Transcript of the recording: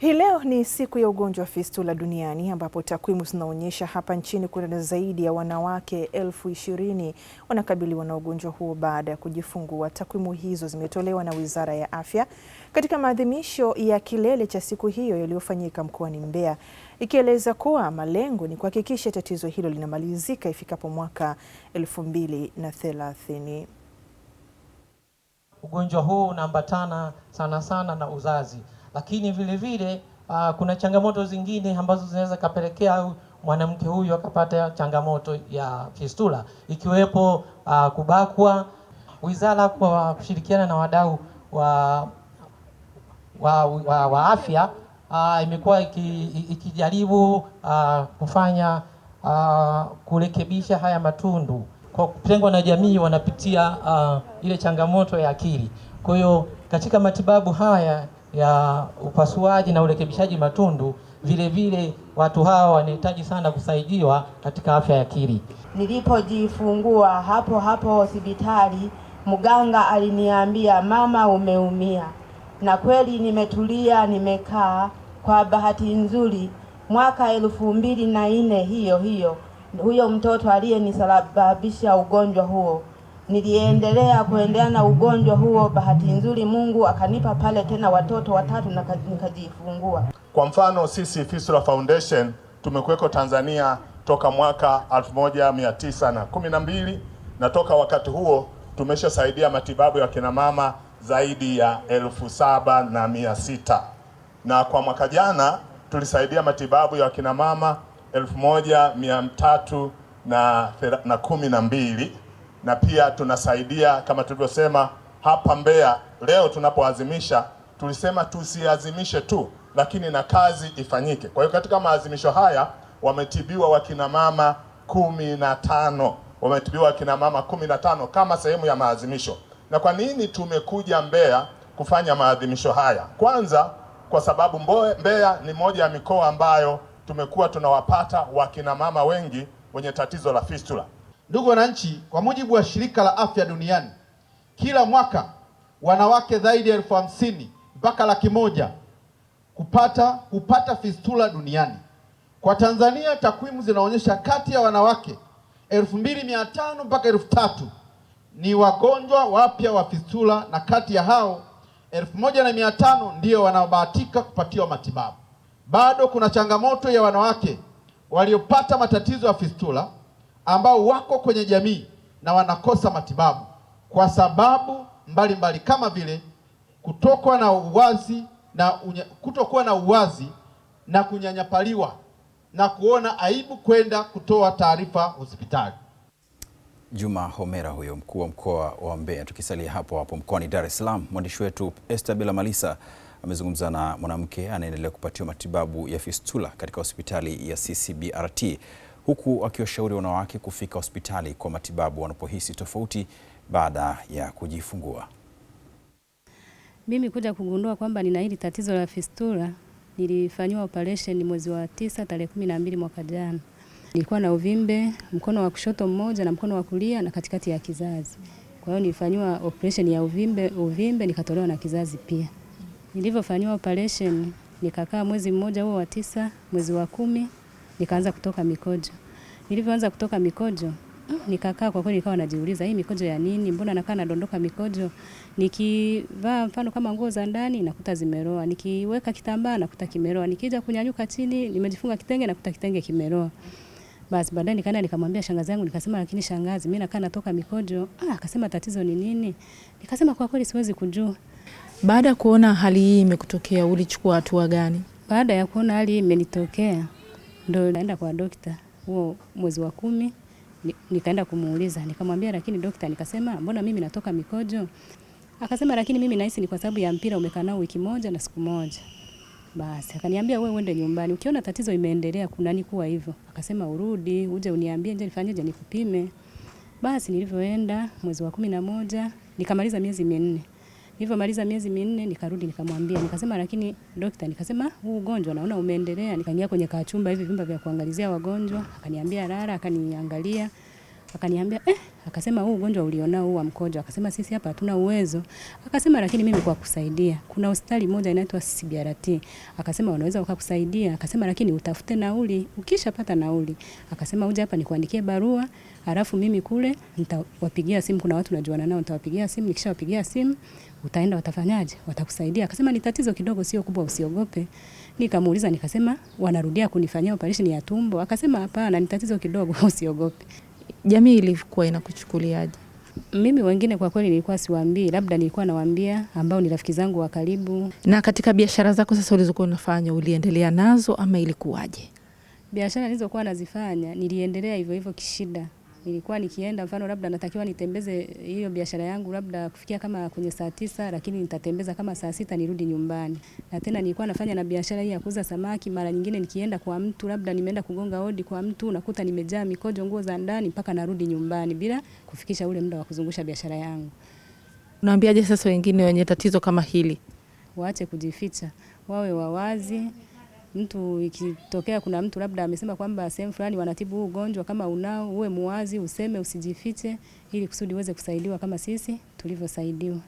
Hii leo ni siku ya ugonjwa wa fistula duniani ambapo takwimu zinaonyesha hapa nchini kuna zaidi ya wanawake elfu ishirini wanakabiliwa na ugonjwa huo baada ya kujifungua. Takwimu hizo zimetolewa na Wizara ya Afya katika maadhimisho ya kilele cha siku hiyo yaliyofanyika mkoani Mbeya, ikieleza kuwa malengo ni kuhakikisha tatizo hilo linamalizika ifikapo mwaka 2030. Ugonjwa huu unaambatana sana sana na uzazi lakini vile vile uh, kuna changamoto zingine ambazo zinaweza kapelekea mwanamke huyu akapata changamoto ya fistula ikiwepo uh, kubakwa. Wizara kwa kushirikiana na wadau wa, wa, wa, wa afya uh, imekuwa ikijaribu uh, kufanya uh, kurekebisha haya matundu kwa kutengwa na jamii wanapitia uh, ile changamoto ya akili. Kwa hiyo katika matibabu haya ya upasuaji na urekebishaji matundu, vilevile vile watu hawa wanahitaji sana kusaidiwa katika afya ya akili. Nilipojifungua hapo hapo hospitali, mganga aliniambia, mama, umeumia. Na kweli nimetulia, nimekaa. Kwa bahati nzuri, mwaka elfu mbili na nne hiyo hiyo, huyo mtoto aliyenisababisha ugonjwa huo niliendelea kuendelea na ugonjwa huo. Bahati nzuri Mungu akanipa pale tena watoto watatu na nikajifungua. Kwa mfano sisi Fistula Foundation tumekuweko Tanzania toka mwaka 1912 na toka wakati huo tumeshasaidia matibabu ya kina mama zaidi ya elfu saba na mia sita na kwa mwaka jana tulisaidia matibabu ya kina mama elfu moja mia tatu na kumi na mbili na pia tunasaidia kama tulivyosema hapa Mbeya. Leo tunapoazimisha, tulisema tusiazimishe tu, lakini na kazi ifanyike. Kwa hiyo katika maazimisho haya wametibiwa wakina mama kumi na tano wametibiwa wakina mama kumi na tano kama sehemu ya maazimisho. Na kwa nini tumekuja Mbeya kufanya maadhimisho haya? Kwanza kwa sababu Mbeya ni moja ya mikoa ambayo tumekuwa tunawapata wakina mama wengi wenye tatizo la fistula. Ndugu wananchi, kwa mujibu wa shirika la afya duniani, kila mwaka wanawake zaidi ya elfu hamsini mpaka laki moja kupata hupata fistula duniani. Kwa Tanzania takwimu zinaonyesha kati ya wanawake elfu mbili mia tano mpaka elfu tatu ni wagonjwa wapya wa fistula, na kati ya hao elfu moja na mia tano ndio wanaobahatika kupatiwa matibabu. Bado kuna changamoto ya wanawake waliopata matatizo ya fistula ambao wako kwenye jamii na wanakosa matibabu kwa sababu mbalimbali mbali, kama vile kutokwa na uwazi na unye, kutokuwa na uwazi na kunyanyapaliwa na kuona aibu kwenda kutoa taarifa hospitali. Juma Homera huyo mkuu wa mkoa wa Mbeya. Tukisalia hapo hapo mkoani Dar es Salaam, mwandishi wetu Esther Bela Malisa amezungumza na mwanamke anaendelea kupatiwa matibabu ya fistula katika hospitali ya CCBRT huku akiwashauri wanawake kufika hospitali kwa matibabu wanapohisi tofauti baada ya kujifungua. Mimi kuja kugundua kwamba nina hili tatizo la fistula, nilifanyiwa operation mwezi wa tisa tarehe 12 mwaka jana. Nilikuwa na uvimbe mkono wa kushoto mmoja na mkono wa kulia na katikati ya kizazi. Kwa hiyo nilifanyiwa operation ya uvimbe, uvimbe nikatolewa na kizazi pia. Nilivyofanyiwa operation nikakaa mwezi mmoja huo wa tisa, mwezi wa kumi nikaanza kutoka mikojo. Nilivyoanza kutoka mikojo nikakaa kwa kweli, nikawa najiuliza hii mikojo ya nini? Mbona nakaa nadondoka mikojo? Nikivaa mfano kama nguo za ndani nakuta zimeroa, nikiweka kitambaa nakuta kimeroa, nikija kunyanyuka chini nimejifunga kitenge nakuta kitenge kimeroa. Basi baadaye nikaenda nikamwambia shangazi yangu, nikasema lakini shangazi, mimi nakaa natoka mikojo. Ah, akasema tatizo ni nini? Nikasema kwa kweli siwezi kujua. Baada ya kuona hali hii imekutokea ulichukua hatua gani? Baada ya kuona hali hii imenitokea Ndo naenda kwa dokta huo mwezi wa kumi, nikaenda kumuuliza, nikamwambia lakini dokta, nikasema mbona mimi natoka mikojo? Akasema lakini mimi nahisi ni kwa sababu ya mpira umekaa nao wiki moja na siku moja. Basi akaniambia wewe uende nyumbani. Ukiona tatizo imeendelea kunani kuwa hivyo. Akasema urudi, uje uniambie nje nifanyeje nikupime. Basi nilivyoenda mwezi wa kumi na moja nikamaliza miezi minne. Nilivyomaliza miezi minne nikarudi nikamwambia, nikasema lakini dokta, nikasema huu ugonjwa naona umeendelea. Nikaingia kwenye kachumba hivi vyumba vya kuangalizia wagonjwa, akaniambia lala, akaniangalia Akaniambia eh, akasema huu ugonjwa ulionao huu wa mkojo, akasema sisi hapa hatuna uwezo. Akasema lakini mimi kwa kusaidia, kuna hospitali moja inaitwa CBRT, akasema wanaweza wakakusaidia. Akasema lakini utafute nauli, ukishapata nauli, akasema uje hapa nikuandikie barua, alafu mimi kule nitawapigia simu, kuna watu najuana nao, nitawapigia simu, nikishawapigia simu utaenda watafanyaje? Watakusaidia. Akasema ni tatizo kidogo, sio kubwa, usiogope. Nikamuuliza nikasema, wanarudia kunifanyia operation ya tumbo? Akasema hapana, ni tatizo kidogo, usiogope jamii ilikuwa inakuchukuliaje? Mimi wengine kwa kweli nilikuwa siwaambii, labda nilikuwa nawaambia ambao ni rafiki zangu wa karibu. Na katika biashara zako sasa ulizokuwa unafanya uliendelea nazo ama ilikuwaje? Biashara nilizokuwa nazifanya niliendelea hivyo hivyo kishida, nilikuwa nikienda, mfano labda natakiwa nitembeze hiyo biashara yangu labda kufikia kama kwenye saa tisa, lakini nitatembeza kama saa sita nirudi nyumbani. Na tena nilikuwa nafanya na biashara hii ya kuuza samaki, mara nyingine nikienda kwa mtu labda nimeenda kugonga hodi kwa mtu, nakuta nimejaa mikojo, nguo za ndani mpaka narudi nyumbani bila kufikisha ule muda wa kuzungusha biashara yangu. Unaambiaje sasa wengine wenye tatizo kama hili? Waache kujificha, wawe wawazi mtu ikitokea kuna mtu labda amesema kwamba sehemu fulani wanatibu huu ugonjwa, kama unao uwe muwazi, useme, usijifiche, ili kusudi uweze kusaidiwa kama sisi tulivyosaidiwa.